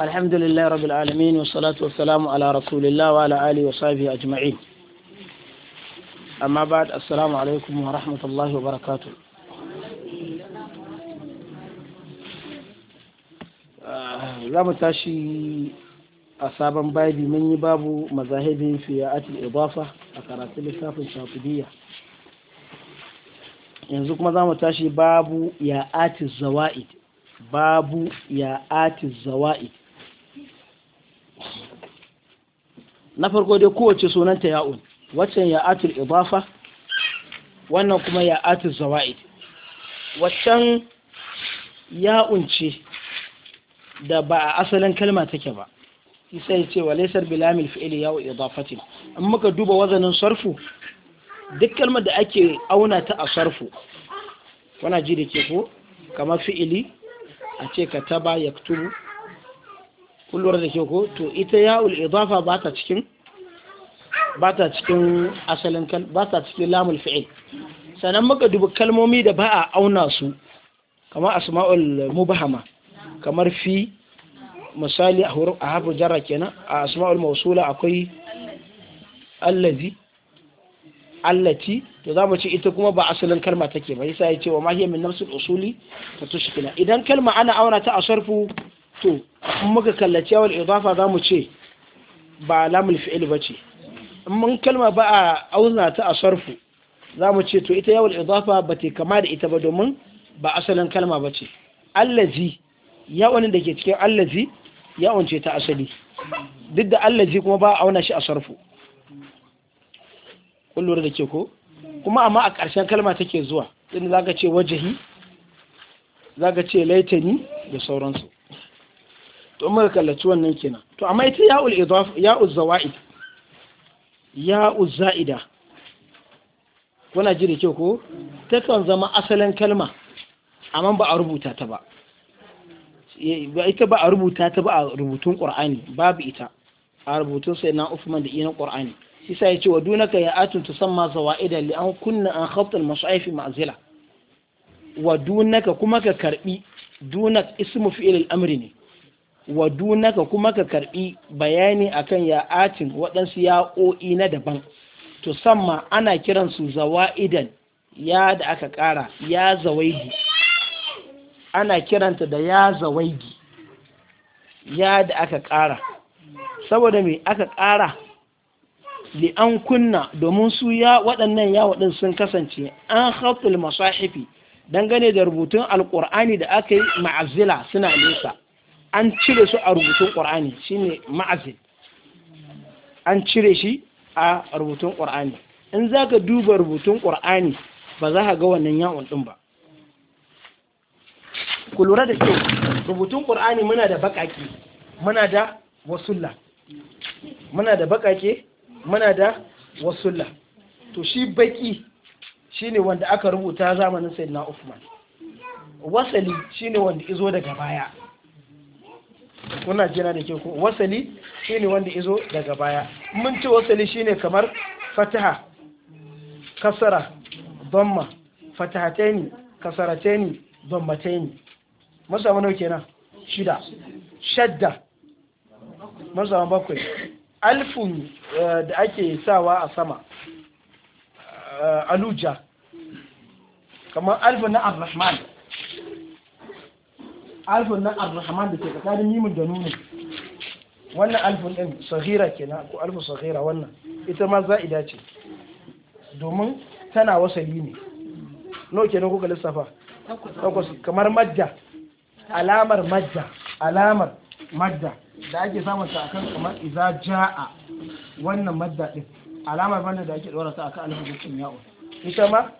الحمد لله رب العالمين والصلاة والسلام على رسول الله وعلى آله وصحبه أجمعين أما بعد السلام عليكم ورحمة الله وبركاته za mu tashi a sabon babi mun yi babu mazahibin fiyatul idafa a karatun lissafin shafidiyya yanzu kuma za mu tashi babu ya ati zawa'id babu ya ati zawa'id na farko dai kowace sunanta ya'un waccan ya atul idafa wannan kuma ya zawaid waccan ya'un ce da ba a asalin kalma take ba isa ya ce wa laisar bilamil fi'ili ya'u idafatin in muka duba wazanin sarfu duk kalmar da ake auna ta a sarfu wana ji da ke ko kamar fi'ili a ce ka taba yaktubu kullum da ke ko to ita ya'ul idafa ba ta cikin ba ta cikin asalin kal ba ta cikin lamul fi'il sannan muka dubi kalmomi da ba a auna su kamar asma'ul mubahama kamar fi misali a harfu jarra kenan a asma'ul mausula akwai allazi allati to za mu ce ita kuma ba asalin kalma take ba yasa ya ce wa ma min nafsul usuli ta tushkila idan kalma ana auna ta a sarfu to muka kallaci yawon idafa za mu ce ba alamul fi'il ba ce mun kalma ba a auna ta a sarfu za mu ce to ita yawon idafa ba ta kama da ita ba domin ba asalin kalma ba ce allazi yawon da ke cikin allazi yawon ce ta asali duk da allazi kuma ba a auna shi a sarfu kullum da ke ko kuma amma a ƙarshen kalma take zuwa inda za ka ce wajahi za ka ce laitani da sauransu to muka kallaci wannan kenan to amma ita ya'ul idaf ya'uz zawaid ya'uz za'ida kuna ji da kyau ko takan zama asalin kalma amma ba a rubuta ta ba ba ita ba a rubuta ta ba a rubutun qur'ani babu ita a rubutun sai na da ina qur'ani shi sai ya ce wa dunaka ya atun tusamma zawaida li an kunna an khabt al mas'aif ma'zila wa dunaka kuma ka karbi dunak ismu fi'il al amri ne wa kuma ka karbi bayani akan ya'atin waɗansu ya'o'i na daban to samma ana kiransu zawa'idan ya da aka ƙara ya zawaigi ana kiranta da ya zawaigi ya da aka ƙara saboda mai aka ƙara li an kunna domin su ya waɗannan ya waɗin sun kasance an haƙul masahifi dangane da rubutun alƙur'ani da aka yi ma'azila suna nesa an cire su a rubutun ƙwar'ani ne ma'azin. an cire shi a rubutun ƙwar'ani in za ka duba rubutun ƙwar'ani ba za ka ga wannan yawon ɗin ba ku lura da kyau rubutun ƙwar'ani muna da baƙaƙe muna da wasulla muna da baƙaƙe muna da wasulla to shi baƙi ne wanda aka rubuta zamanin sayyidina Uthman wasali shi ne wanda izo daga baya kuna jina da ke ku wasali shine wanda izo daga baya mun ce wasali shine kamar fataha kasara dhamma fatahataini kasarataini dhammataini masu samu nawa kenan shida shadda masu bakwai alfun eh, da ake sawa a sama eh, aluja kamar alfun na ar alfun nan ar da ke tsakanin mimun da nuni wannan alfun din sahira kenan ko alfun sahira wannan ita ma za'ida ce domin tana wasali ne no kenan kuka lissafa takwas kamar majja alamar majja alamar madda da ake samun ta akan kamar iza ja'a wannan madda din alamar wannan da ake dora ta akan alifin ya'u ita ma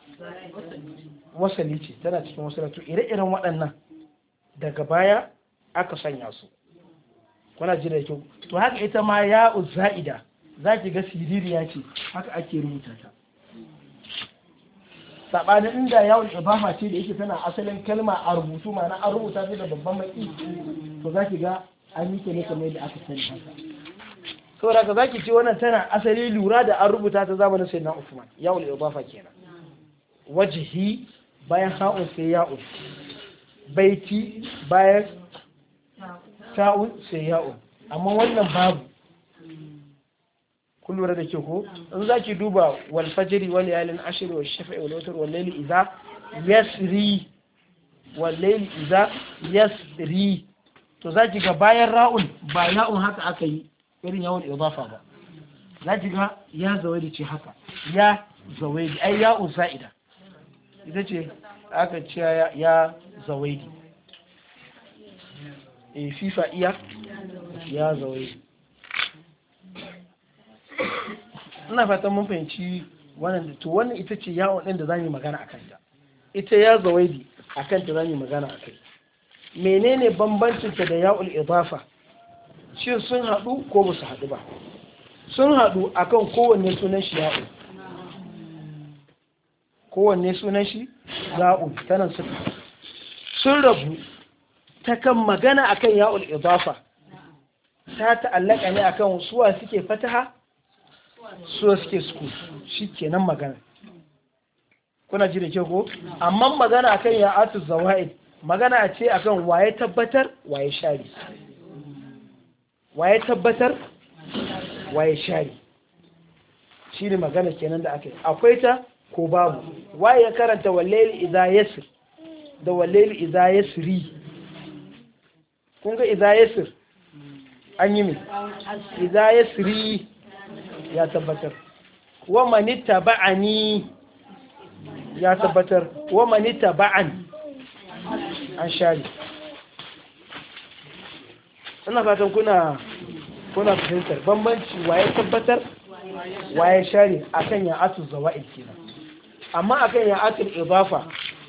wasali ce tana cikin wasalatu ire-iren waɗannan daga baya aka sanya su kuna ji da kyau to haka ita ma ya za'ida za ki ga siririya ce haka ake rubuta ta sabanin inda yawon ibafa ce da yake tana asalin kalma a rubutu ma na an rubuta ta da babban maki to za ki ga an yi ne kamar yadda aka sani haka to daga za ki ce wannan tana asali lura da an rubuta ta zamanin sai na usman yawon fa kenan wajihi bayan ha'un sai ya'un baiti bayan ta'un sai ya'un amma wannan babu kun lura da ke ko in za ki duba walfajiri wani yalin ashri wa shafa'i wal witr wal layli idza yasri wal layli yasri to za ki ga bayan ra'un ba ya'un haka aka yi irin yawon idafa ba za ki ga ya zawaidi ce haka ya zawaidi ai ya'un sa'ida ita ce aka ce ya zawaidi e eh, fifa iya ya zawaidi ina fatan mun fahimci wannan da to wannan ita ce yawon ɗin da za mu magana a kanta ita ya zawaidi a kanta za mu magana a kai menene bambancin ta da yawon idafa shin sun haɗu ko ba su haɗu ba sun haɗu akan kowanne sunan shi ya'u kowanne sunan shi za'un tanan suka sun rabu ta kan magana akan ya'ul idafa ta ta'allaka ne akan suwa suke fataha suwa suke suku shikenan magana kuna ji da ke ko amma magana akan ya'atu zawaid magana a ce akan waye tabbatar waye shari waye tabbatar waye shari shi ne magana kenan da aka yi akwai ta ko babu waye ya karanta wallail idza yasir da wallail idza yasri kun ga idza yasir an yi mi idza yasri ya tabbatar wa man taba'ani ya tabbatar wa man taba'an an shari ina fatan kuna kuna fahimtar bambanci waye tabbatar waye shari akan ya asu zawa'il kenan amma akan ya atul ibafa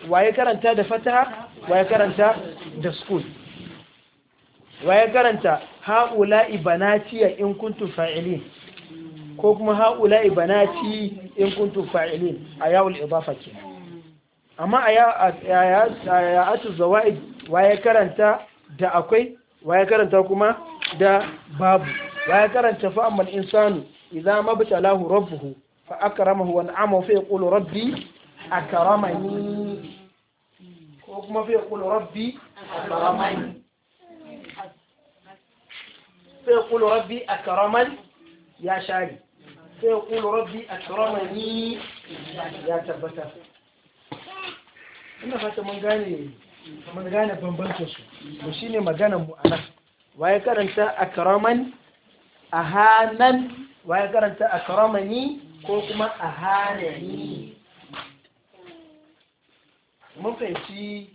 waye karanta da fataha waye karanta da sukun waye karanta haula ibanati in kuntu fa'ilin ko kuma haula ibanati in kuntu fa'ilin ayaul ibafa ke amma aya atul zawaid waye karanta da akwai waye karanta kuma da babu waye karanta fa'amal insanu idza mabtalahu rabbuhu فأكرمه وأنعمه فيقول ربي أكرمني وكما فيقول ربي أكرمني فيقول ربي أكرمني يا شاري فيقول ربي أكرمني يا تبتا انا fata من غاني من غاني بمبنتوش وشيني ba shine maganar mu ahanan wa ya karanta akramani ko kuma ahanani mun fahimci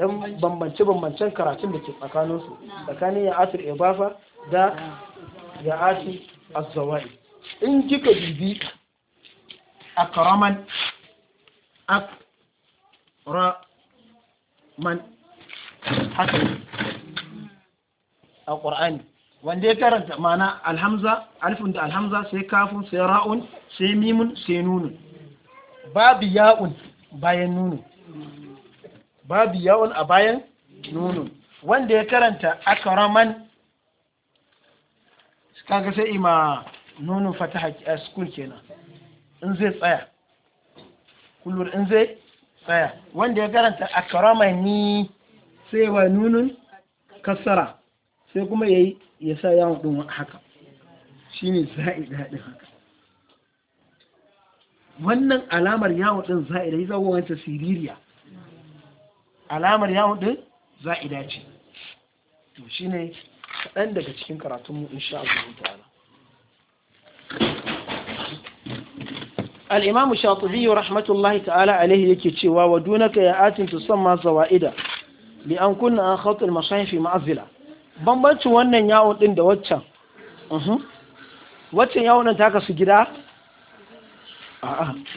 yan bambance-bambancen karatun da ke tsakaninsu tsakanin ya asir ibafa da ya asir azawai in kika akraman akraman haka a ƙwar'ani wanda ya karanta mana alhamza alifin da alhamza sai kafin sai ra'un sai mimun sai nunu babu ya'un bayan nunu babu ya'un a bayan nunu wanda ya karanta akaraman kaga sai ima nunu fataha a eh, school kenan in zai tsaya kullum in zai tsaya wanda ya karanta akaramani sai wa nunun kasara sai kuma yayi ya sa yawon ɗin haka shi ne za'ida haka wannan alamar yawon ɗin za'ida ya zama wancan siririya alamar yawon ɗin za'ida ce to shi ne kaɗan daga cikin karatunmu insha Allah ta'ala alaihi yake cewa wa تعالى ya يكي ودونك zawaida آت an kunna an كنا خط المصاحف معزلة bambancin wannan yawon din da waccan waccan yawon nan ta kasu gida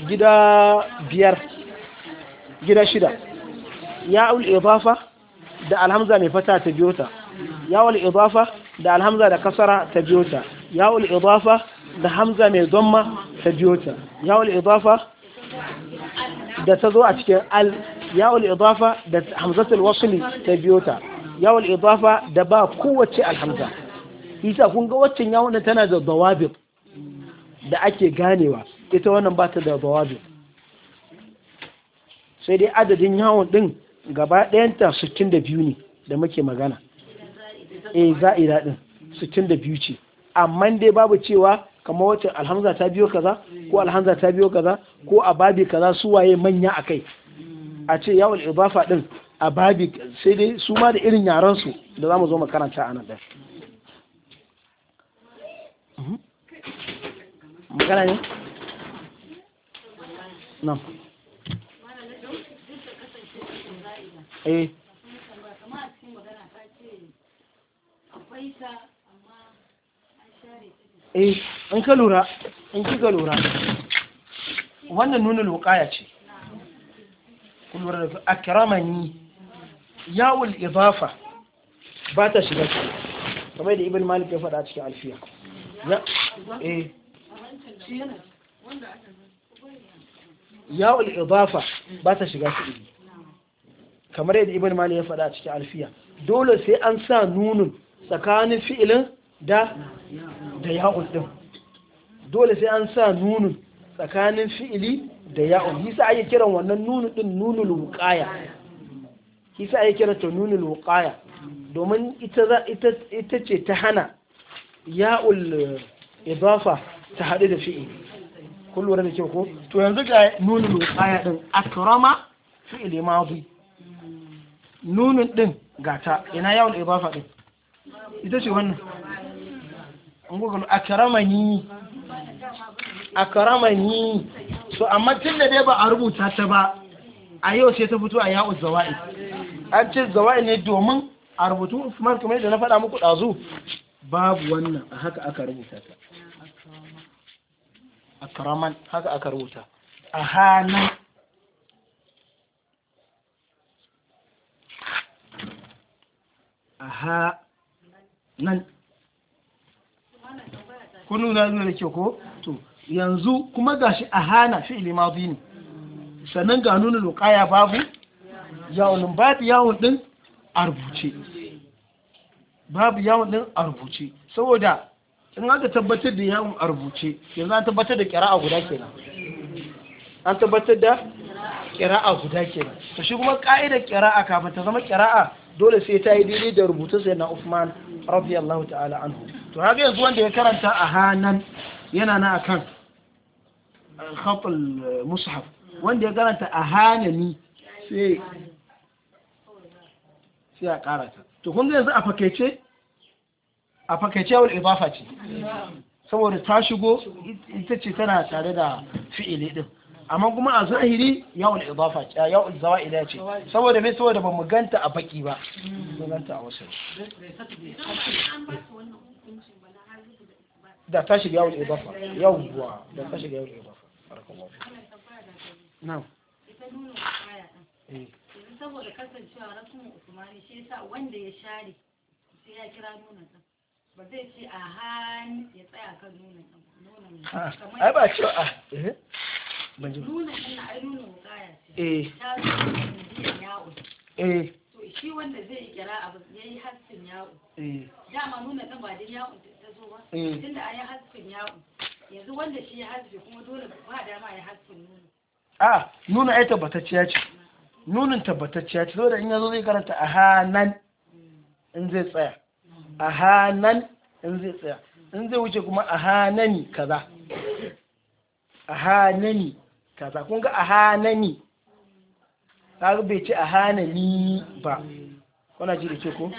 gida biyar gida shida ya'ul ibafa da alhamza mai fata ta biyo ta ya'ul idafa da alhamza da kasara ta biyo ta ya'ul idafa da hamza mai zomma ta biyo ta ya'ul idafa da ta zo a cikin al ya'ul ibafa da hamzatul wasli ta biyo ta yawal idafa da ba kowace alhamza isa kun ga waccan yawon tana da dawabit da ake ganewa ita wannan ba ta da dawabit sai dai adadin yawon din gaba ɗayanta 62 ne da muke magana eh za'ira din 62 ce amma dai babu cewa kamar wacce alhamza ta biyo kaza ko alhamza ta biyo kaza ko a babi kaza su waye manya akai a ce yawon idafa din a babi sai dai su ma da irin yaran su da zamu zo makaranta a nan da mhm. magana ne? nan eh eh in ka lura in kika lura wannan nuna lokaya ce kun lura da akramani yawul idafa ba ta shiga ciki kamar da ibn malik ya faɗa cikin alfiya yawul idafa ba ta shiga ciki kamar yadda ibn malik ya faɗa cikin alfiya dole sai an sa nunun tsakanin fi'ilin da da ya'ul din dole sai an sa nunun tsakanin fi'ili da ya'ul yasa ake kiran wannan nunun din nunul wuqaya isa ya kira ta nuna wuqaya domin ita ce ta hana ya'ul ibafa ta haɗu da fi'i kun lura da kyau ko to yanzu ga nunul wuqaya din akrama ma madi nunun ɗin gata ina ya'ul ibafa din ita ce wannan an google akramani akramani so amma tun da dai ba a rubuta ta ba a yau sai ta fito a yawon zawa'i an ce zawa'i ne domin a rubutu usman kamar yadda na faɗa muku ɗazu babu wannan a haka aka rubuta ta a karaman haka aka rubuta a hannun a ha nan kunu na nuna da ke ko to yanzu kuma gashi a hana fi ilimadu ne sannan ga nuna lokaya babu yawon babu yawon din a rubuce babu yawon din a rubuce saboda in aka tabbatar da yawon a rubuce yanzu an tabbatar da kira'a guda kenan an tabbatar da kira'a guda kenan to shi kuma ka'idar kira'a kafin ta zama kira'a dole sai ta yi daidai da rubutun sai na Uthman radiyallahu ta'ala anhu to haka yanzu wanda ya karanta a hanan yana na akan khatul mushaf wanda ya karanta a hanani sai sai a karata to kun zai yanzu a fakaice a fakaice wani ibafa ce saboda ta shigo ita ce tana tare da fi'ili din amma kuma a zahiri yawon ce yawon zawa ila ce saboda mai saboda ba mu ganta a baki ba mu ganta a wasu da ta shiga yawon Ibafa yawon buwa da ta shiga yawon Ibafa. nawa. ita nuna kaya din eh. yanzu saboda kasancewa rasul usmani shi yasa wanda ya share sai ya kira nuna din ba zai ce a han ya tsaya kan nuna din nuna ne ah, ai ba ce a ah, eh ban ji nuna din ai nuna kaya ce eh ta biyan yawo eh shi wanda zai kira abu ya yi haskin yawo eh. dama nuna ɗan ba dai yawo ta zo ba eh. tunda an yi haskin yawo yanzu wanda shi ya haske kuma dole ba dama ya haskin nuna a nuna ai tabbatacciya ce nunin tabbatacciya ce saboda in yazo zai karanta a hanan in zai tsaya a hanan in zai tsaya in zai wuce kuma a hanani kaza a hanani kaza kun ga a hanani kaga bai ce a hanani ba kuna ji da ke ko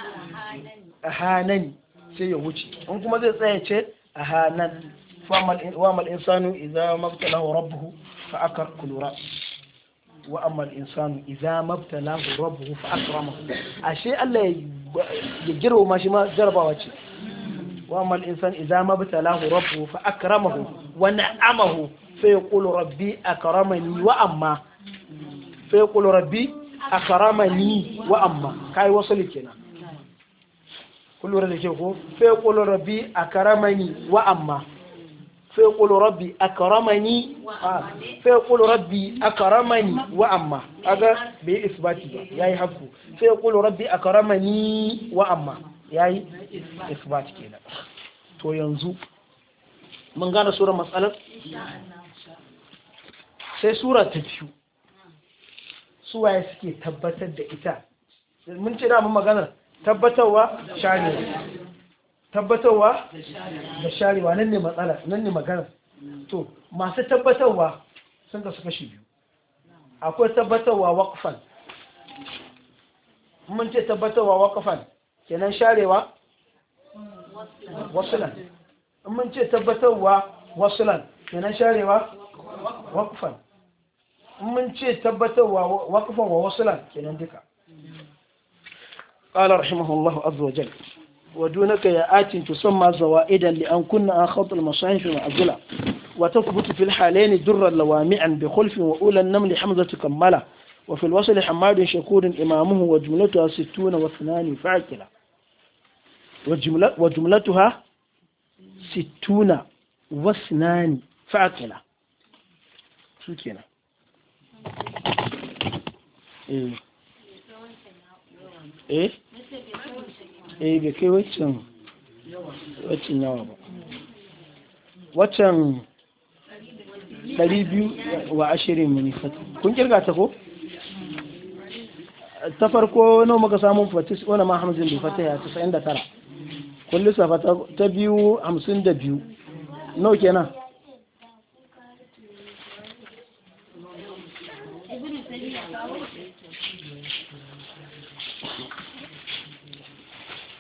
a hanani sai ya wuce in kuma zai tsaya ce a hanan wa mal insanu idza mabtalahu rabbuhu فأكر كل رأس wa amma insanu idza mabtalahu rabbuhu fa akramahu ashe Allah ya girma shi ma jarabawa ce wa amma insanu idza rabu rabbuhu fa akramahu wa na'amahu fa yaqulu rabbi karamani wa amma fa yaqulu rabbi karamani wa amma kai wasali kenan kullu da ke ko fa yaqulu rabbi akramani wa amma sai kulu rabbi akramani sai kulu rabbi akramani wa amma ga bai isbati ba yayi hakku sai kulu rabbi akramani wa amma yayi isbati kenan to yanzu mun gane sura matsalar sai sura ta biyu waye suke tabbatar da ita mun ce na mun maganar tabbatarwa shani tabbatarwa da sharewa nan ne matsala nan ne magana to masu tabbatarwa sun kasu kashi biyu akwai tabbatarwa waqfan mun ce tabbatarwa waqfan kenan sharewa wasulan mun ce tabbatarwa wasulan kenan sharewa waqfan mun ce tabbatarwa waqfan wa wasulan kenan duka قال رحمه الله عز وجل ودونك يا آت تسمى زوائدا لأن كنا عن خط المصاحف معزلة وتثبت في الحالين درا لوامعا بخلف وأولى النمل حمزة كملة وفي الوصل حماد شكور إمامه وجملتها ستون واثنان فاكلة وجملة وجملتها ستون واثنان فاكلة شو كنا إيه إيه eh bai kai waccan waccan yawa ba waccan 200 wa ashirin manifat kun kirga ta ko ta farko nawa maka samun fatis wani ma hamsin da fata ya 99 kun safa ta biyu hamsin da biyu nawa kenan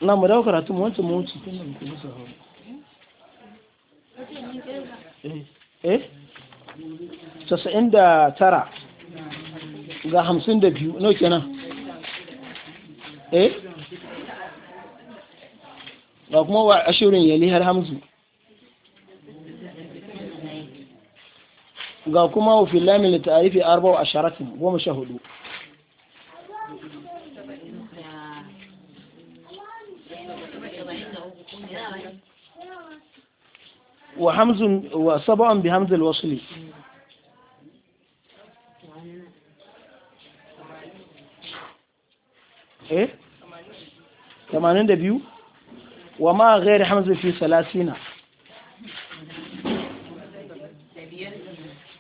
na mu dawo karatu mu wancan mu wuce eh, eh casa'in da tara ga hamsin da biyu nau kenan eh ga kuma wa ashirin yali har hamzu ga kuma wa filamin da ta'arifi arba wa asharatin goma sha hudu وحمز وسبع بهمز الوصل ايه 82 وما غير حمز في ثلاثين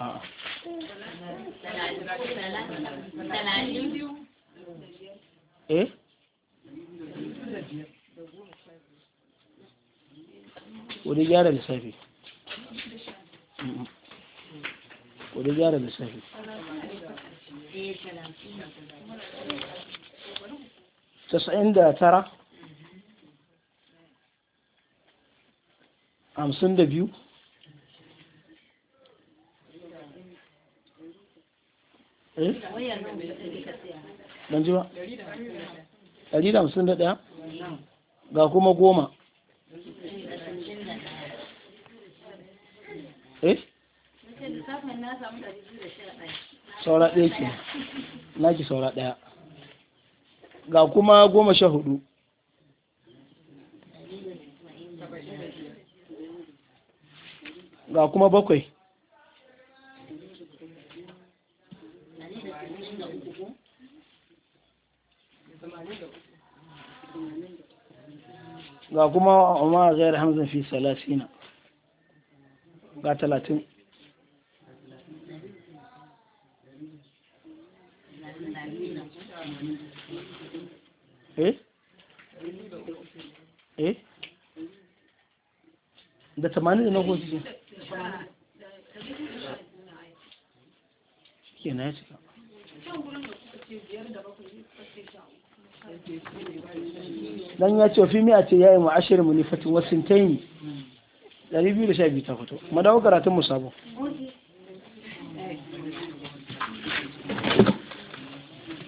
آه. ايه ودي جارة لسافي ko da gyara tasa'in da tara hamsin da biyu ɗan eh? ji ba ɗari da hamsin da ɗaya ga kuma goma Eh? ga kuma goma sha hudu ga kuma bakwai ga kuma umar zai hamzan fi salasina ga talatin eh eh da tamanin da na ke na ya cika dan ya ce fi miya ce ya yi ma'ashirin munifatin wasu taimi Dari biyu da sha biyu ta fito madawo karatun musabo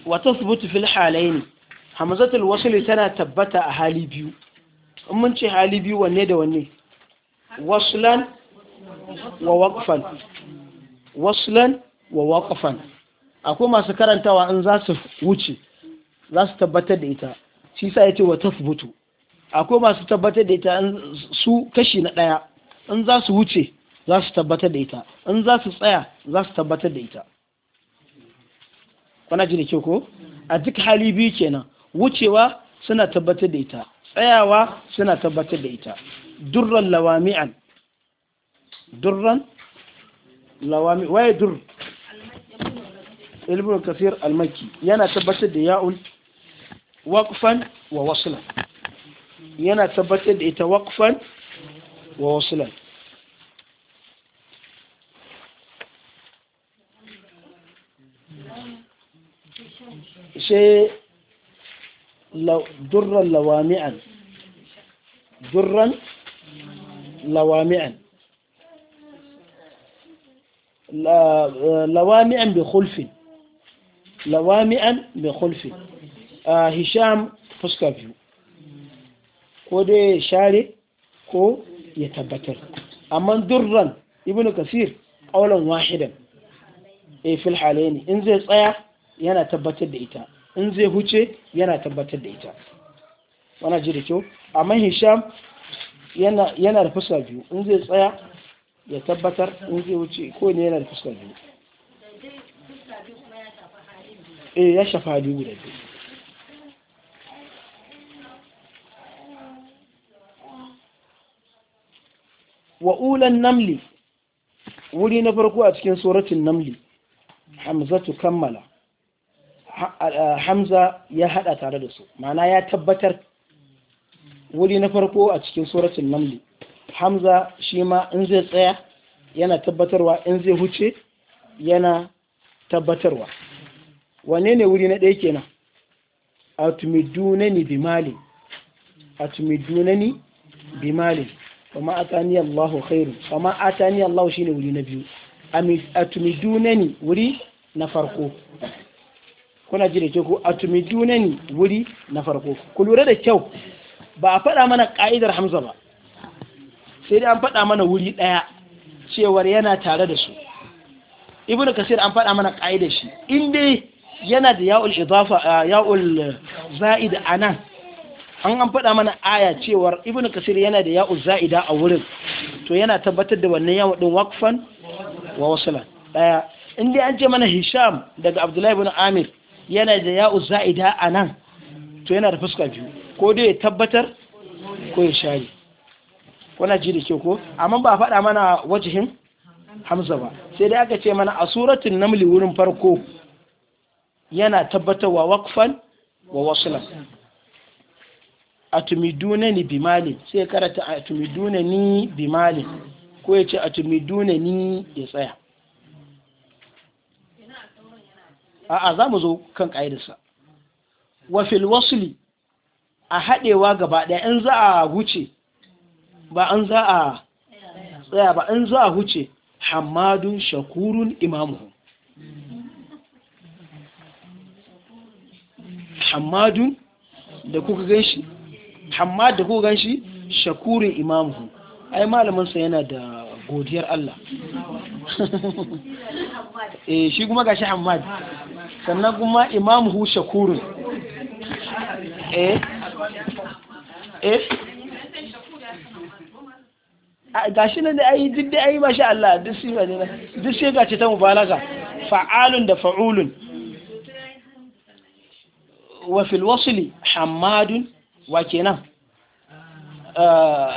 wata subutu fil halaini hamzatul wasuli tana tabbata a hali biyu mun ce hali biyu wanne da wanne Wasulan wa waqfan waslan wa waqfan akwai masu karantawa in za su wuce za su tabbatar da ita shi sa yace wa tasbutu akwai masu tabbatar da ita su kashi na ɗaya in za su wuce za su tabbatar da ita in za su tsaya za su tabbatar da ita kwana ji da kyau ko a duk hali biyu kenan wucewa suna tabbatar da ita tsayawa suna tabbatar da ita durran lawami'an durran lawami waye dur ilmin kafir almaki yana tabbatar da ya'un waqfan wa waslan yana tabbatar da ita waqfan ووصلا شيء لو درا لوامعا درا لوامعا لوامعا بخلف لوامعا بخلف آه، هشام فسكافيو كودي شاري كو ya tabbatar amma durran ibnu kasir qawlan wahidan eh fil halaini in zai tsaya yana tabbatar da ita in zai huce yana tabbatar da ita wannan ji da kyau amma hisham yana yana da fuska biyu in zai tsaya ya tabbatar in zai huce ko ne yana da fuska biyu eh ya shafa hali guda biyu wa ulan namli wuri na farko a cikin suratul namli hamzatu kammala hamza ya hada tare da su ma'ana ya tabbatar wuri na farko a cikin suratul namli hamza shi ma in zai tsaya yana tabbatarwa in zai huce yana tabbatarwa wane ne wuri na ɗaya kenan atumidunani bimali atumidunani bimali wa ma atani Allahu khairu wa ma shine wuri na biyu atumidunani wuri na farko kuna ji da ke ku atumidunani wuri na farko ku lura da kyau ba a faɗa mana ƙa'idar Hamza ba sai dai an faɗa mana wuri ɗaya cewar yana tare da su ibnu kasir an faɗa mana ƙa'idar shi in dai yana da ya'ul idafa ya'ul za'id anan an an faɗa mana aya cewar ibnu kasir yana da ya'u za'ida a wurin to yana tabbatar da wannan yawa din waqfan wa wasala daya in dai an ce mana hisham daga abdullahi ibn amir yana da ya'u za'ida a nan to yana da fuska biyu ko dai ya tabbatar ko ya share kuna ji da ke ko amma ba faɗa mana wajihin hamza ba sai dai aka ce mana a suratul namli wurin farko yana tabbatarwa waqfan wa wasala atumiduna ni bimali sai karanta atumiduna ni bimali ko ya ce atumiduna ni ya tsaya a'a za mu zo kan ƙa'idarsa wafil wasuli a haɗewa gaba ɗaya in za a wuce ba an za a tsaya ba in za a wuce hamadun shakurun imamu hamadun da kuka gan hamad da kogan shi shakurin imamu ai malaminsa yana da godiyar Allah eh shi kuma gashi hamad sannan kuma imamu shakurin eh eh gashi nan da ayi duk da ayi masha Allah duk shi ne duk sai gace ta mubalaga fa'alun da fa'ulun wa fil wasli hamadun wa kenan eh,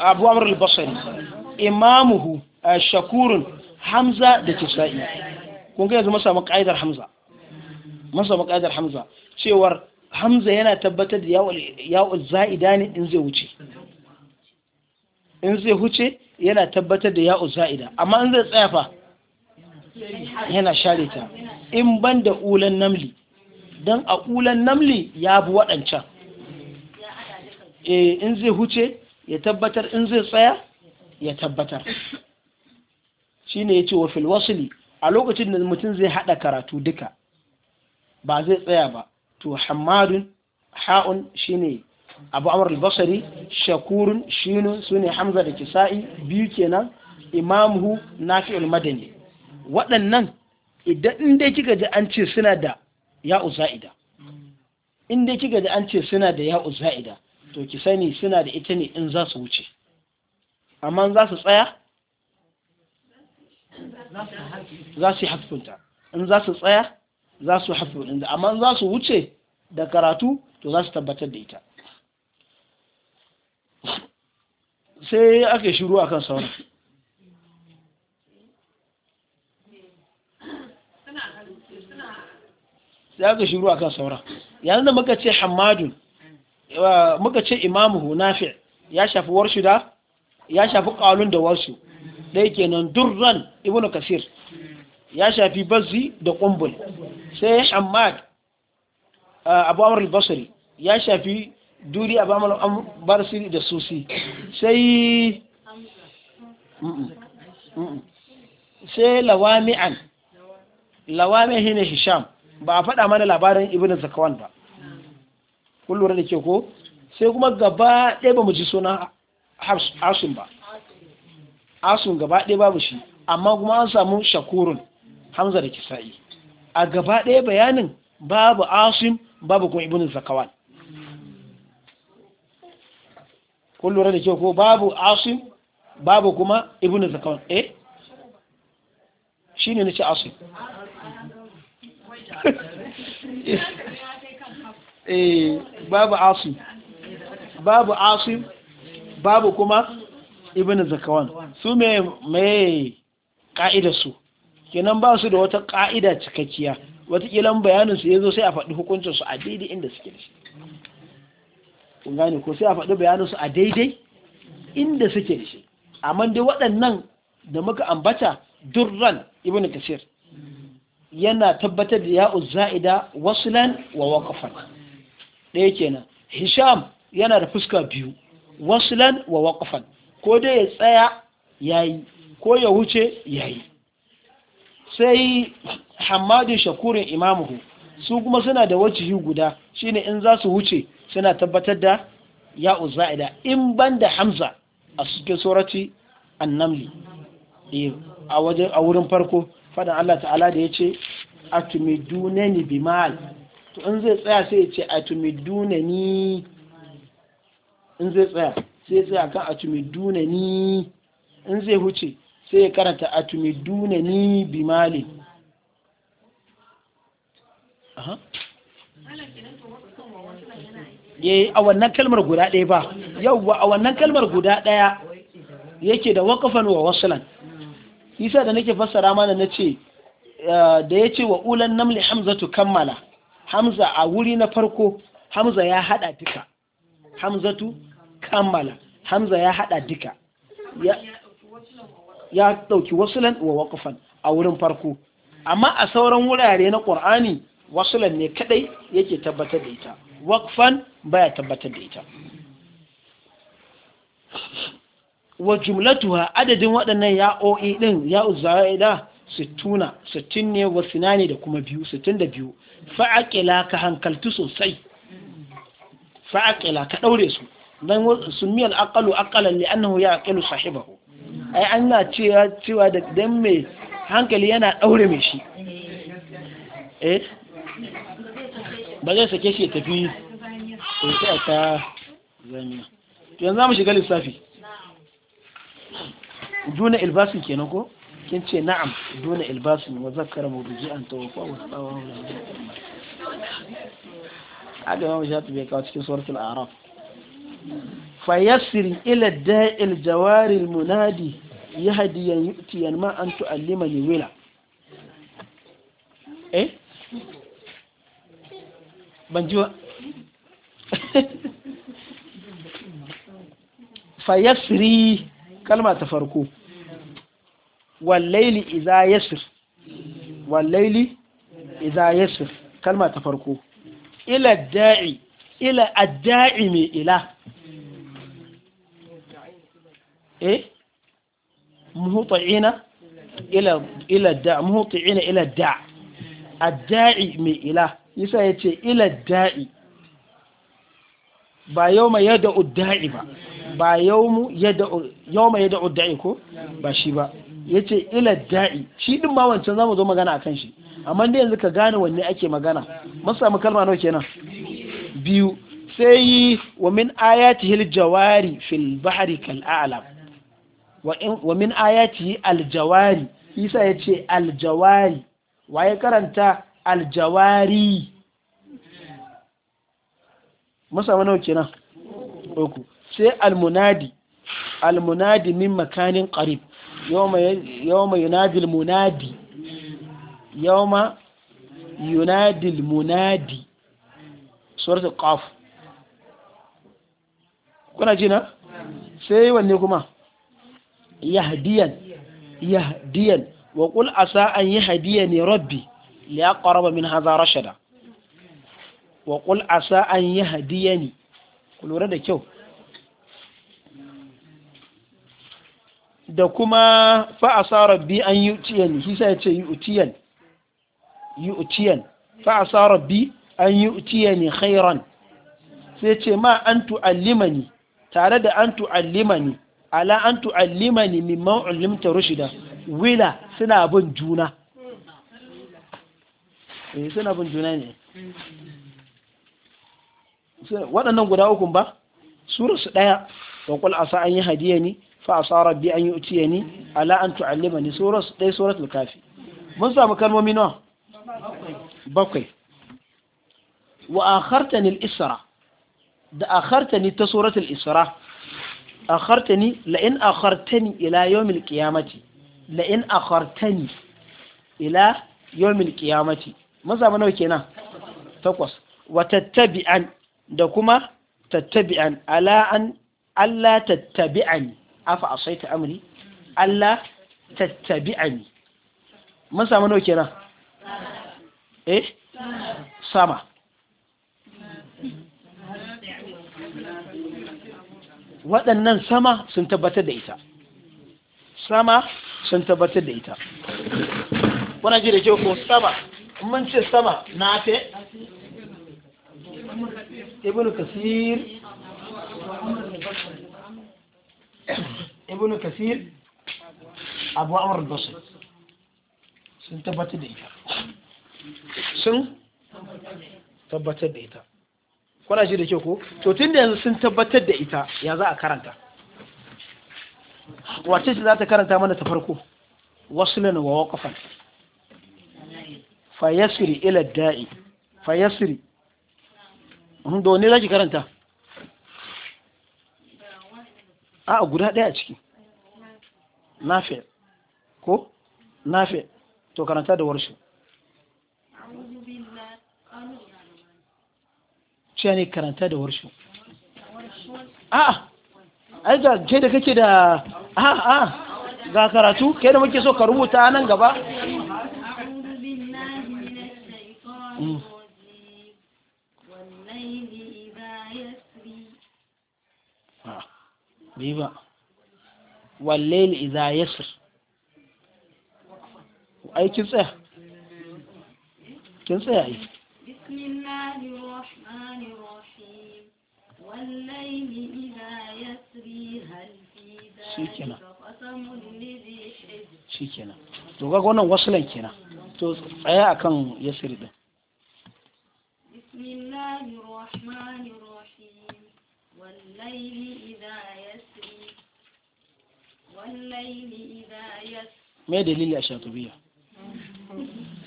abu amur al-basari imamuhu eh, shakurun hamza da kisa'i kun ga yanzu masa maƙa'idar hamza masa maƙa'idar hamza cewar hamza yana tabbatar da ya'ul za'ida ne in zai wuce in zai huce yana tabbatar da ya'ul za'ida amma in zai tsaya fa yana share ta in ban da ulan namli don a ƙulan namli ya bi waɗancan eh, in zai huce ya tabbatar in zai tsaya ya tabbatar shi ne ya ce wa filwasili a lokacin da mutum zai haɗa karatu duka ba zai tsaya ba to hamadun ha'un shi ne abu amur albasari shakurun shinu su ne hamza da kisa'i biyu kenan imamuhu nafi'ul madani waɗannan idan dai kika ji an ce suna da ya'u za'ida in dai kiga da an ce suna da ya'u za'ida to ki sani suna da ita ne in za su wuce amma za su tsaya za su yi in za su tsaya za su hasfunta amma za su wuce da karatu to za su tabbatar da ita sai ake shiru akan sauran sai aka shiru a kan saura yanzu da muka ce hamadun muka ce imamu hunafi ya shafi warshu da ya shafi kalun da warshu yake nan durran ibn kasir ya shafi bazzi da kumbul sai hamad abu amur al-basri ya shafi duri abu amur al-basri da susi sai sai lawami'an lawami hine hisham ba a faɗa mana labarin ibn zakawan ba kun lura da ke ko sai kuma gaba ɗaya ba mu ji suna asun ba asun gaba ɗaya babu shi amma kuma an samu shakurun hamza da kisa'i a gaba ɗaya bayanin babu Asun babu kuma ibn zakawan kun lura da ke ko babu Asun babu kuma ibn zakawan eh shine ci Asun. eh babu asim babu asim babu kuma ibn zakawan su me mai ka'ida su kenan ba su da wata ka'ida cikakkiya watakilan bayanin su yazo sai a faɗi hukuncin su a daidai inda suke da shi kun gane ko sai a faɗi bayanin su a daidai inda suke da shi amma dai waɗannan da muka ambata durran ibn kasir yana tabbatar da ya'u za'ida wasulan wa waqafan ɗaya kenan hisham yana da fuska biyu wasulan wa waqafan ko dai ya tsaya yayi ko ya wuce yayi sai hamadu shakurin imamuhu su kuma suna da wajihi guda shine in za su wuce suna tabbatar da ya'u za'ida in banda hamza a cikin surati annamli eh, a wajen a wurin farko fadan Allah ta'ala da ya ce a atumidunani bi mal to in zai tsaya sai ya ce a dunani in zai tsaya sai ya tsaya kan dunani in zai huce sai ya karanta a atumidunani bi mali aha yayi eh, a wannan kalmar guda ɗaya ba yau a wannan kalmar guda ɗaya yake da wakafan wa wasulan isa da nake fassara mana na ce eh, da ya ce wa ulan namli tu kammala hamza a wuri na farko hamza ya hada duka Hamza tu kammala hamza ya hada duka ya dauki wasulan wa waqfan a wurin farko amma a sauran wurare na qur'ani wasulan ne kadai yake tabbatar da ita waqfan baya tabbatar da ita wa jumlatuha adadin waɗannan ya'o'i ɗin ya'u za'ida sittuna sittin ne wa sinani da kuma biyu sittin da biyu fa'aƙila ka hankaltu sosai fa'aƙila ka ɗaure su don sumiyar aƙalu aƙalan li annahu ya aƙalu sahibahu ai an na cewa cewa da dan mai hankali yana ɗaure mai shi eh ba zai sake shi ya tafi sai ta zamiya yanzu za mu shiga lissafi دون الباس كينوكو كنتي نعم دون الباس وذكر مرجع ان توفى هذا ما وجهت به كاتشي سوره الاعراف فيسر الى الداء الجوار المنادي يهدي يؤتي ما ان تؤلمني ولا ايه بنجوا فيسري kalma ta farko wallaili iza yasir wallaili iza yasir kalma ta farko ila da'i ila adda'i mai ila eh muhutu'ina ila ila da muhutu'ina ila da adda'i mai ila yasa yace ila da'i ba yau mai yadda udda'i ba ba yawmu ya yad'u da'i ko ba shi ba yace ila da'i shi din ma wancan zamu zo magana akan shi amma da yanzu ka gane wanne ake magana masu samu kalma nawa kenan biyu sai yi wa min ayati hil jawari fil bahri kal a'lam wa min ayati al-jawari isa ce al-jawari waye karanta al-jawari mun samu nawa kenan uku sai almunadi almunadi min makanin qarib yawma yunadil munadi yawma yunadil munadi suratul qaf kuna jina sai wanne kuma yahdiyan yahdiyan wa qul asa an yahdiyani rabbi li aqrab min hadha rashada wa qul asa an yahdiyani kulura da kyau da kuma fa'asa rabbi an yi utiyan shi sai ce yi utiyan yi utiyan fa'asa rabbi an yi utiyani khairan sai ce ma an tu'allimani tare da an tu'allimani ala an tu'allimani mimman ulimta rushida wila suna bin juna eh suna bin juna ne waɗannan guda hukun ba sura ɗaya wa kul asa an yi hadiya ne fa asara bi an yi yu'tiyani ala an tu'allimani surat dai suratul kafi mun samu kalmomi nawa bakwai wa akhartani al-isra da akhartani ta suratul isra akhartani la in akhartani ila yawmil qiyamati la in akhartani ila yawmil qiyamati mun samu nawa kenan takwas wa tattabi'an da kuma tattabi'an ala an Allah tattabi'ani afa asaita amri Allah tattabi'ani mun samu nawa kenan eh sama waɗannan sama sun tabbatar da ita sama sun tabbatar da ita kuna ji da kyau ko sama mun ce sama na fe ibn kasir ibn kasir abu amur basir sun tabbatar da ita sun tabbatar da ita kuna shi da kyau ko to tun yanzu sun tabbatar da ita ya za a karanta wace ce za ta karanta mana ta farko wasulun wa waqafan fa yasri ila da'i fa yasri hmm, don ne za ki karanta a guda ɗaya a ciki nafe ko nafe to karanta da warshe cewa ne karanta da warshe a ai ga ke da kake da a a ga karatu ke da muke so ka rubuta nan gaba bai ba wallail idza yasr ai kin tsaya kin tsaya ai bismillahir rahmanir rahim wallail yasri hal to ga wannan wasulan kenan to tsaya akan yasri din والليل إذا يسر ما دليل الشاطبية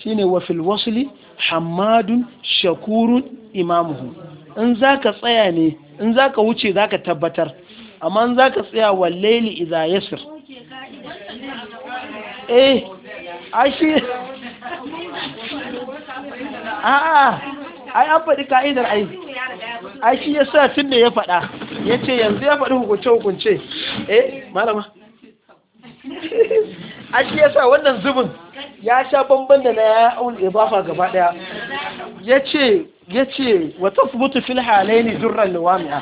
shine wa fil wasli hammadun shakurun imamuhu in zaka tsaya ne in zaka wuce zaka tabbatar amma in zaka tsaya wa laili idza yasir eh a'a ai an faɗi ka'idar ai ai shi yasa tun da ya faɗa yace yanzu ya faɗi hukunce hukunce eh malama ashe yasa wannan zubin ya sha bamban da na ya'ul ibafa gaba daya yace yace wa tasbutu fil ne durran lawami'a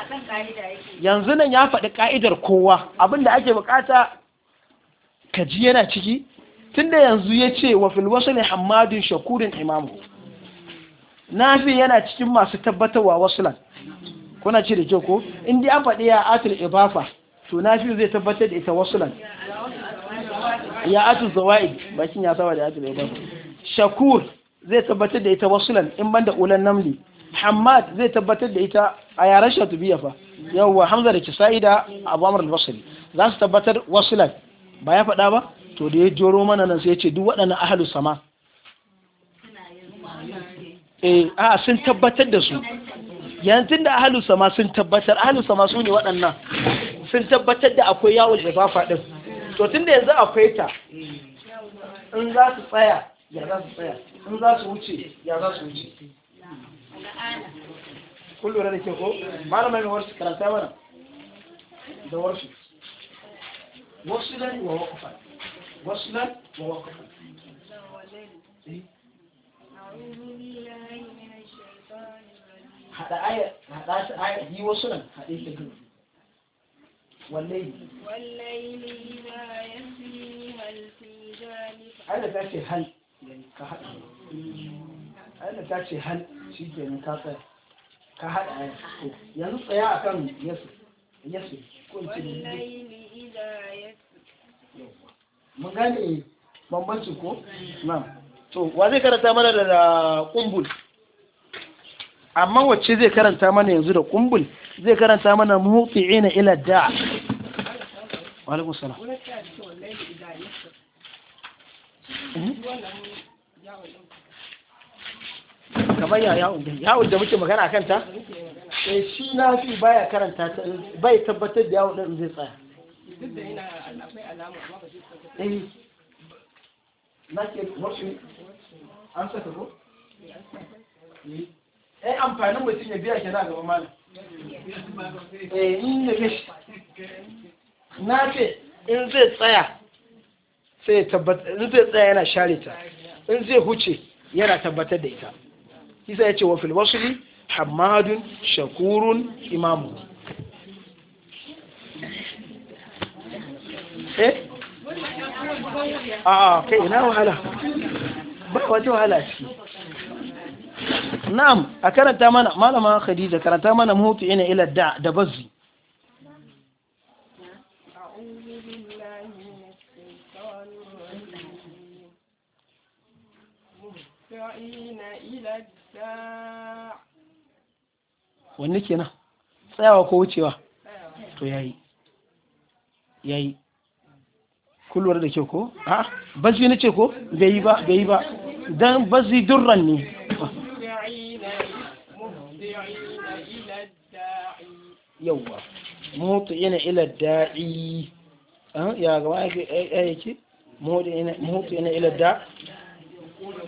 yanzu nan ya faɗi ka'idar kowa abinda ake bukata kaji yana ciki tunda yanzu yace wa fil ne hamadun shakurin imamu Na fi yana cikin masu tabbatarwa wasulan kuna ce da kyau ko in dai faɗi ya atul ibafa to na fi zai tabbatar da ita wasu wasulan ya atu zawa'id bakin ya saba da atul bai shakur zai tabbatar da ita wasulan in banda ulan namli hamad zai tabbatar da ita a yaren shatubiya fa yawwa hamza da kisa'i Sa'ida abu amr al za su tabbatar wasulan ba ya faɗa ba to da ya joro mana nan sai ya ce duk waɗannan ahalu sama eh a sun tabbatar da su yanzu da ahalu sama sun tabbatar ahalu sama su ne waɗannan sun tabbatar da akwai yawon izafa din to tun da yanzu akwai ta in za su tsaya ya za su tsaya in za su wuce ya za su wuce kun da ke ko malama mai warsu karanta mana da warsu wasu nan wa wakufa wasu nan wa wakufa eh? hada aya hada aya yi wasu nan hada ta gina wallahi wallahi ma yasi hal fi hal fi ta ce hal ka haɗa ya ko yanzu tsaya a kan yasu yasu ko in ce da yi mun gane bambancin ko na to wa zai karanta mana da da kumbul amma wacce zai karanta mana yanzu da kumbul zai karanta mana mutu'ina ila da'a wa alaikum salam eh? kamar ya yawon da yawon da muke magana akan ta eh shi na fi baya karanta ta bai tabbatar da yawon din zai tsaya eh na ke wasu an saka ko eh, eh, eh amfanin mutum ya biya shi a gaban malam eh in ne gashi na ce in zai tsaya sai ya tabbatar in zai tsaya yana share ta in zai huce yana tabbatar da ita isa ya ce wa fil wasuli hamadun shakurun imamu eh a kai ina wahala ba wata wahala ciki na'am a karanta mana malama khadija karanta mana mutu ina ila da da bazzi khadi'ina ila da' wanne kenan tsayawa ko wucewa to yayi yayi kulwar da kyau ko a bazzi nace ko bai yi ba bai yi ba dan bazzi durran ne yawa mutu yana ila da'i ya gaba yake mutu yana ila da'i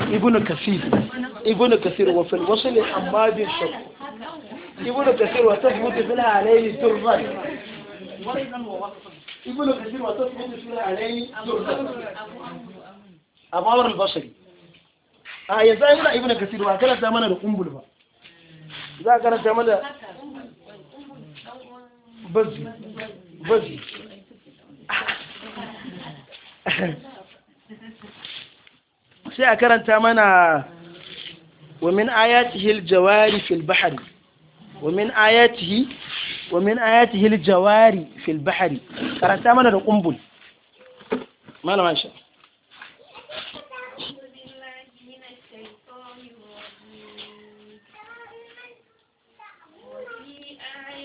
ابن كثير ابن كثير وفي الوصل حماد الشرق ابن كثير وتثبت فيها عليه ترضى ابن كثير وتثبت فيها عليه ترضى أبو عمر البصري آه يزال ابن كثير وأكل زمانه القنبلة إذا كان زمانه بزي بزي sai a karanta mana wa min ayatihi al-jawari fil bahri wa min ayatihi wa min ayatihi al-jawari fil bahri karanta mana da kumbul malama shi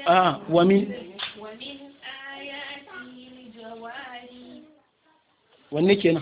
آه ومن ومن آياته الجواري والنكنة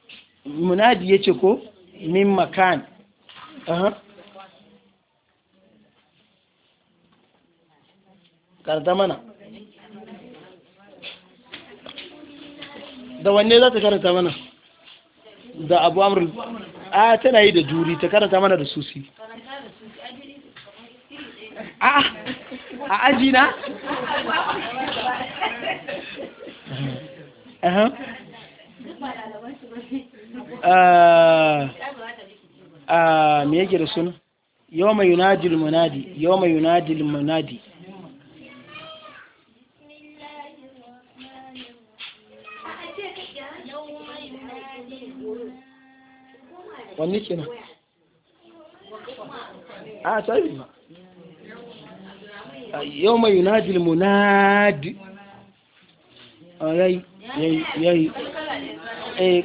munadi ya ce ko min makan karanta mana da wanne za ta karanta mana da abu amurin a tana yi da juri ta karanta mana da susi a ajina? a ah, ah, me yake da sun yau mai yunadil munadi yau mai yunadil munadi ke na ah, a sabi yau mai yunadil munadi yayi yayi yayi eh,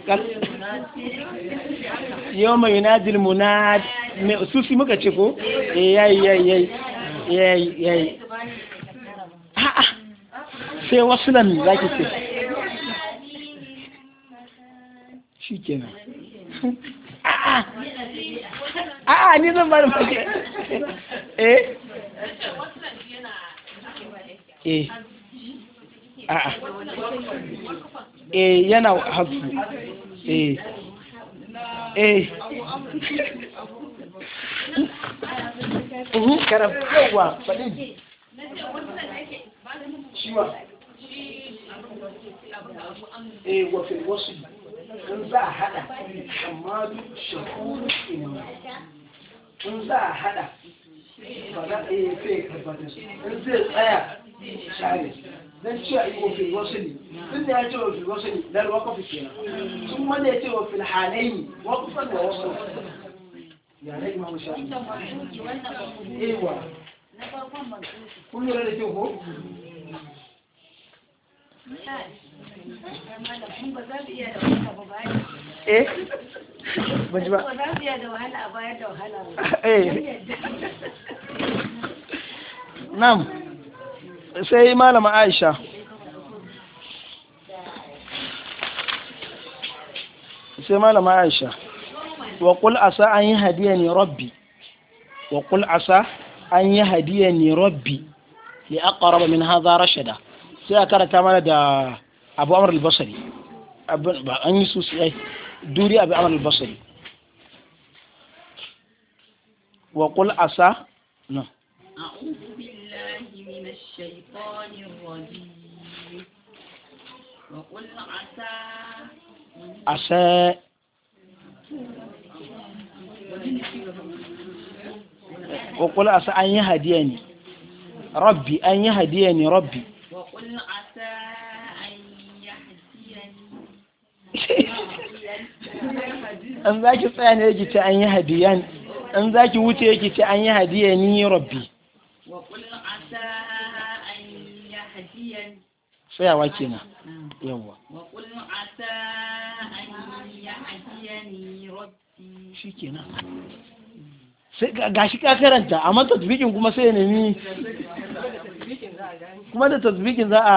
yau mai yunadil munad sufi muka ce ko eh, yayi yayi yayi yayi a'a sai wasu nan zaki ce shikenan a'a a'a ah, ah. ah, ni zan bari mace eh eh a'a eh yana hafu eh eh uhu karam yawa faɗin shiwa eh wafin wasu in za a haɗa hamadu shakuru imam in za a haɗa ba za a eh, yi sai karfatar zai tsaya dan cewa iko fil wasli tun da ya ce wa fil wasli dal waqf kenan sun wanda ya ce wa fil halaini wa wasl ya ne ewa kun lura da kyau eh ba ji ba ba za sai malama aisha sai malama aisha wa kul asa an yi hadiya ne rabbi wa kul asa an yi hadiya ne rabbi li aqrab min hadha rashada sai a karanta mana da abu amr al-basri ba an yi su sai duri abu amr al-basri wa kul asa no الشيطان الرجيم وقل عسى عسى وقل عسى أن يهديني ربي أن يهديني ربي وقل عسى أن يهديني أن ذاك فأنا أن يهديني أن ذاك وتيجي أن يهديني ربي وقل عسى خفيا tsayawa kenan yawwa shi kenan ga shi ka karanta amma tasbikin kuma sai nemi kuma da tasbikin za a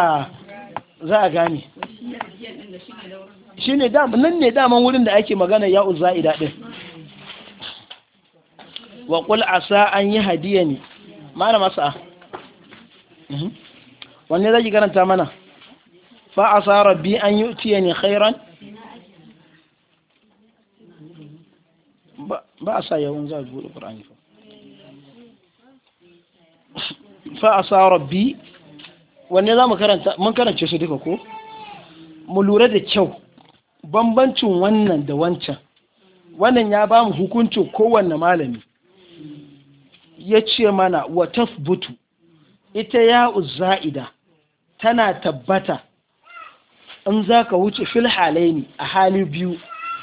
za a gane shi ne nan ne daman wurin da ake magana ya za'ida din wa qul asa an yi hadiyani malama sa'a mhm. wanne zai karanta mana fa asa bi an yu'tiyani khairan ba a sa yawon za a buɗe fa fa a sa rabbi wanne za mu karanta mun karance su duka ko mu lura da kyau bambancin wannan da wancan wannan ya ba mu hukuncin kowanne malami ya ce mana wa tafbutu ita ya za'ida tana tabbata in za ka wuce fil ne a hali biyu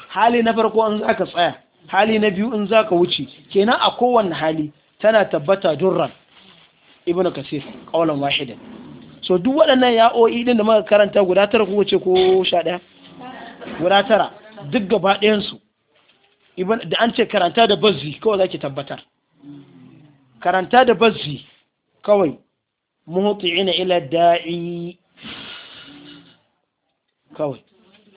hali na farko in za ka tsaya hali na biyu in za ka wuce kenan a kowane hali tana tabbata durran ibn kasir kawalan wahidan so duk waɗannan ya'o'i din da muka karanta guda tara ko wuce ko sha ɗaya guda tara duk gaba ɗayansu su da an ce karanta da bazzi kawai zaki tabbatar karanta da bazzi kawai muhti'ina ila da'i kawai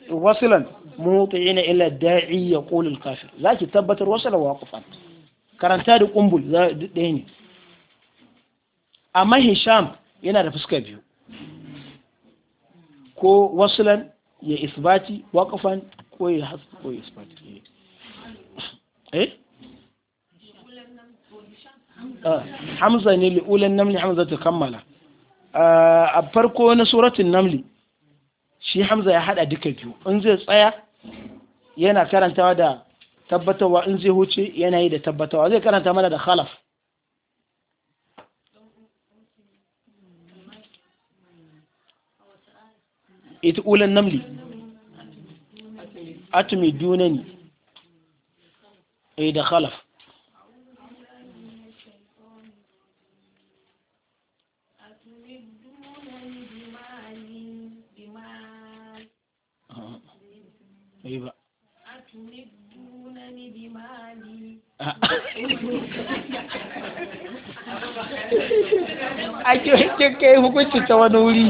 wasilan muhti'ina ila da'i yaqul al-kafir ki tabbatar wasalan waqifan karanta da kumbul ɗaya ne amma hisham yana da fuska biyu ko wasilan ya isbati waqifan ko ya hasbi ko ya isbati eh Ah, hamza ne li'ulan namli hamza ta kammala ah, a farko na suratun namli shi hamza ya hada duka biyu in zai tsaya yana karantawa da tabbatawa in zai huce yana yi da tabbatawa zai karanta mana da khalaf ita ulan namli atumi dunani eh, da khalaf kai ba a kin kai hukunci ta wani wuri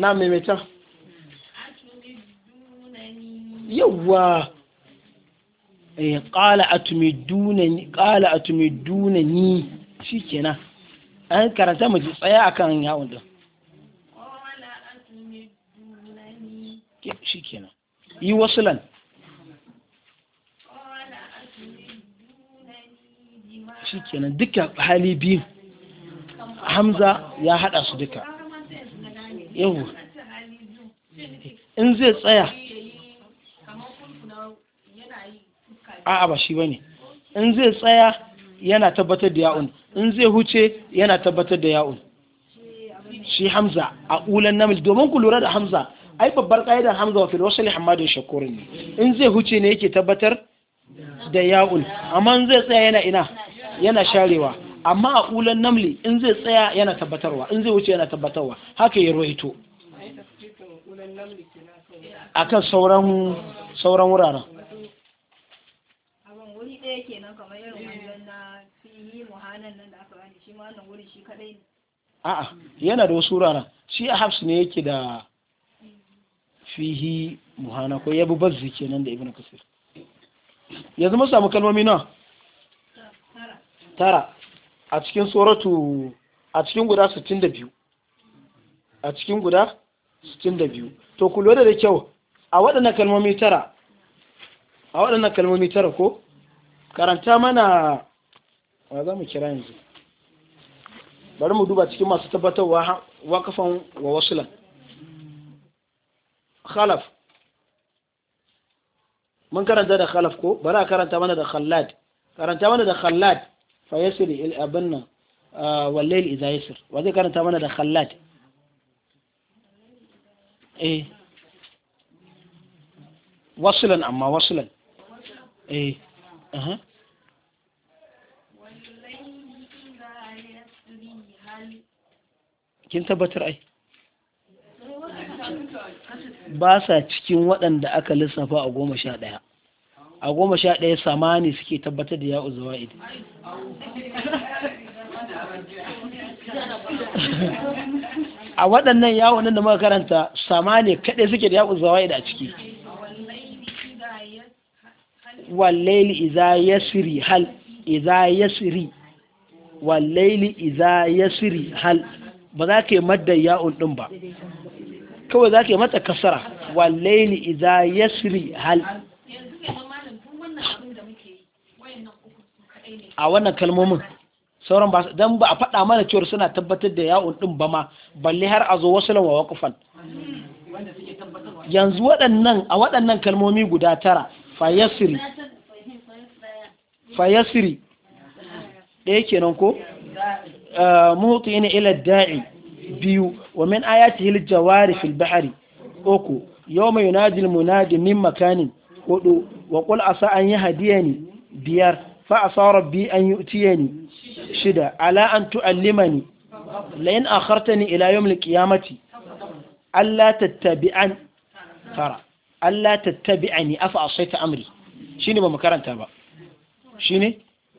na maimaita yawwa ƙala eh, a tumi dunani shi kenan an karanta mace tsaya akan yawon din shi kenan yi wasulan shi kenan duka hali biyu hamza ya hada su duka yau in zai tsaya a ba shi bane in zai tsaya yana tabbatar da ya'un in zai huce yana tabbatar da ya'un shi hamza a ulan namil domin ku lura da hamza ai babbar ƙa'idar hamza wa fil wasali hamadun shakurin ne in zai huce ne yake tabbatar da ya'ul amma in zai tsaya yana ina yana sharewa amma a ƙulan namli in zai tsaya yana tabbatarwa in zai huce yana tabbatarwa haka ya rohito A kan sauran wuraren a'a yana da wasu wuraren shi a hafsu ne yake da fihi muhana ko yabu bazzi kenan da ibnu kasir yanzu mun samu kalmomi nawa tara a cikin suratu a cikin guda 62 a cikin guda 62 to ku da da kyau a waɗannan kalmomi tara a waɗannan kalmomi tara ko karanta mana wa za mu kira yanzu bari mu duba cikin masu tabbatarwa wakafan wa wasulan khalaf mun karanta da khalaf ko bari a karanta mana da khallad karanta mana da khallad fa yasir il abin nan wallail idza yasir wa zai karanta mana da khallad eh wasilan amma wasilan eh aha kin tabbatar ai ba sa cikin waɗanda aka lissafa a goma sha ɗaya a goma sha ɗaya samani suke tabbatar da ya'u ita. a waɗannan yawon nan da muka karanta samani kaɗai suke da ya'u ita a ciki wallaili iza yasiri hal iza yasiri wallaili iza yasiri hal ba za ka yi madda ya'un ɗin ba kawai za ka yi mata kasara wallaili ya shiri hal a wannan kalmomin sauran ba dan ba a faɗa mana cewar suna tabbatar da yawon ɗin ba ma balle har a zo wasu wa kufan. yanzu waɗannan a waɗannan kalmomi guda tara fayasiri fayasiri ɗaya kenan ko eh, muhutu yana ila da'i biyu wa min ayati hil jawari fil bahari uku yawma yunadi al munadi min makanin hudu wa qul asa an yahdiyani biyar fa asa rabbi an yu'tiyani shida ala an tu'allimani la in akhartani ila yawm al qiyamati alla tattabi'an tara alla tattabi'ani afa asaita amri shine ba makaranta ba shine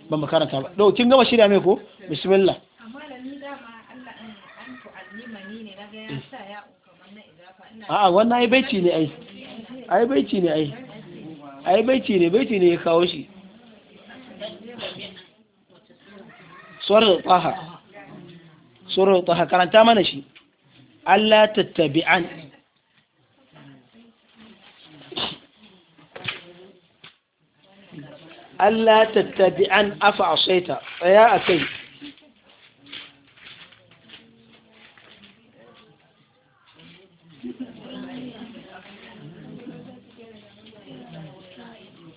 ba makaranta ba do kin gama shirya mai ko bismillah a'a wannan ai baici ne ai ai baici ne ai ai baici ne baici ne ya kawo shi surar taha surar taha karanta mana shi Allah tattabi an. Allah tattabi an afa asaita tsaya a kai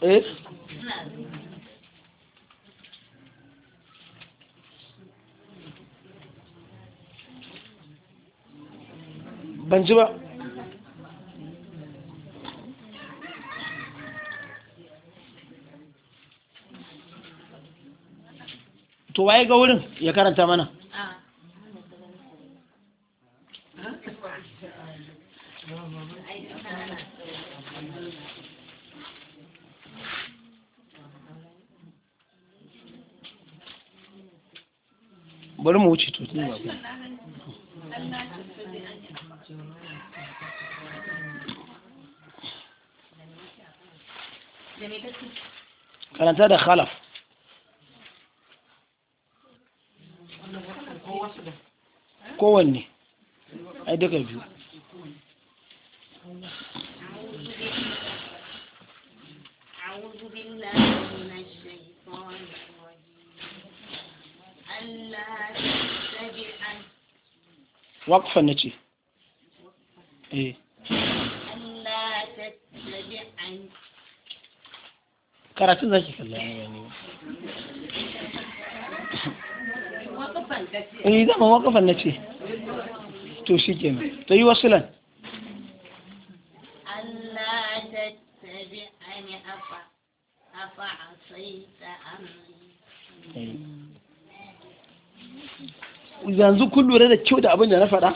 e ban ji ba to waye ga wurin ya karanta mana ah. bari mu wuce to tun ba karanta da khalaf kowanne ai duka biyu waqfan nace eh karatun zaki kalla ne eh dama waqfan nace to shikenan to yi wasilan yanzu kun lura da kyau da abin da na faɗa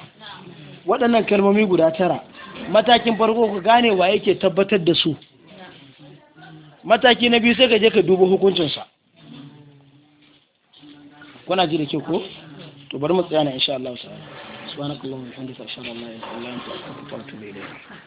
waɗannan kalmomi guda tara matakin farko ku gane wa yake tabbatar da su mataki na biyu sai ka je ka duba hukuncinsa kuna ji da kyau ko to bari mu tsaya na insha Allah subhanakallahumma wa bihamdika ashhadu an la ilaha illa anta astaghfiruka wa atubu ilayk